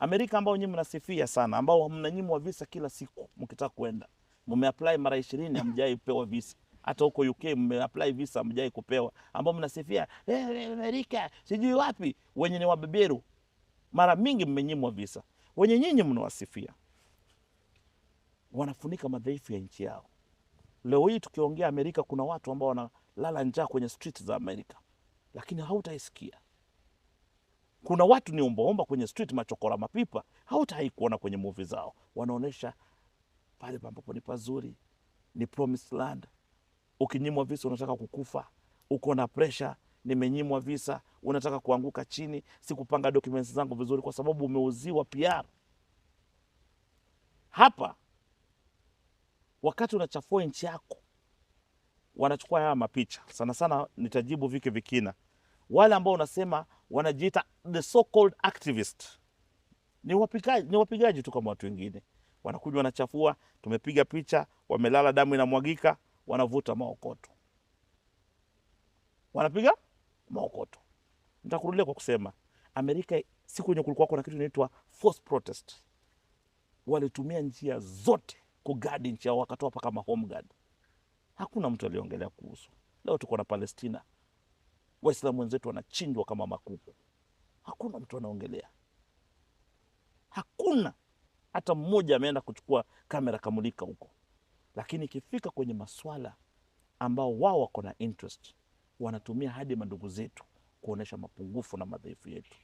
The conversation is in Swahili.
Amerika ambao nyinyi mnasifia sana, ambao mnanyimwa visa kila siku mkitaka kwenda, mmeapply mara ishirini hamjai pewa visa. Hata huko UK mmeapply visa hamjai kupewa, ambao mnasifia eh, eh, Amerika sijui wapi, wenye ni wabeberu, mara mingi mmenyimwa visa, wenye nyinyi mnawasifia, wanafunika madhaifu ya nchi yao. Leo hii tukiongea Amerika, kuna watu ambao wanalala njaa kwenye street za Amerika, lakini hautaisikia kuna watu ni ombaomba kwenye street, machokora mapipa, hautawahi kuona kwenye movie zao. Wanaonyesha pale ambapo ni pazuri, ni promised land. Ukinyimwa visa unataka kukufa, uko na pressure, nimenyimwa visa, unataka kuanguka chini, sikupanga documents zangu vizuri, kwa sababu umeuziwa PR. Hapa wakati unachafua nchi yako wanachukua haya mapicha sana sana. Nitajibu Viki Vikina, wale ambao unasema wanajiita the so called activist ni wapigaji, ni wapigaji tu kama watu wengine, wanakuja wanachafua, tumepiga picha, wamelala, damu inamwagika, wanavuta maokoto, wanapiga maokoto. Nitakurudia kwa kusema Amerika siku yenye kulikuwa kuna kitu inaitwa force protest, walitumia njia zote kugadi nchi yao, wakatoa paka home guard. Hakuna mtu aliongelea kuhusu. Leo tuko na Palestina. Waislamu wenzetu wanachinjwa kama makuku, hakuna mtu anaongelea, hakuna hata mmoja ameenda kuchukua kamera kamulika huko. Lakini ikifika kwenye maswala ambao wao wako na interest, wanatumia hadi mandugu zetu kuonyesha mapungufu na madhaifu yetu.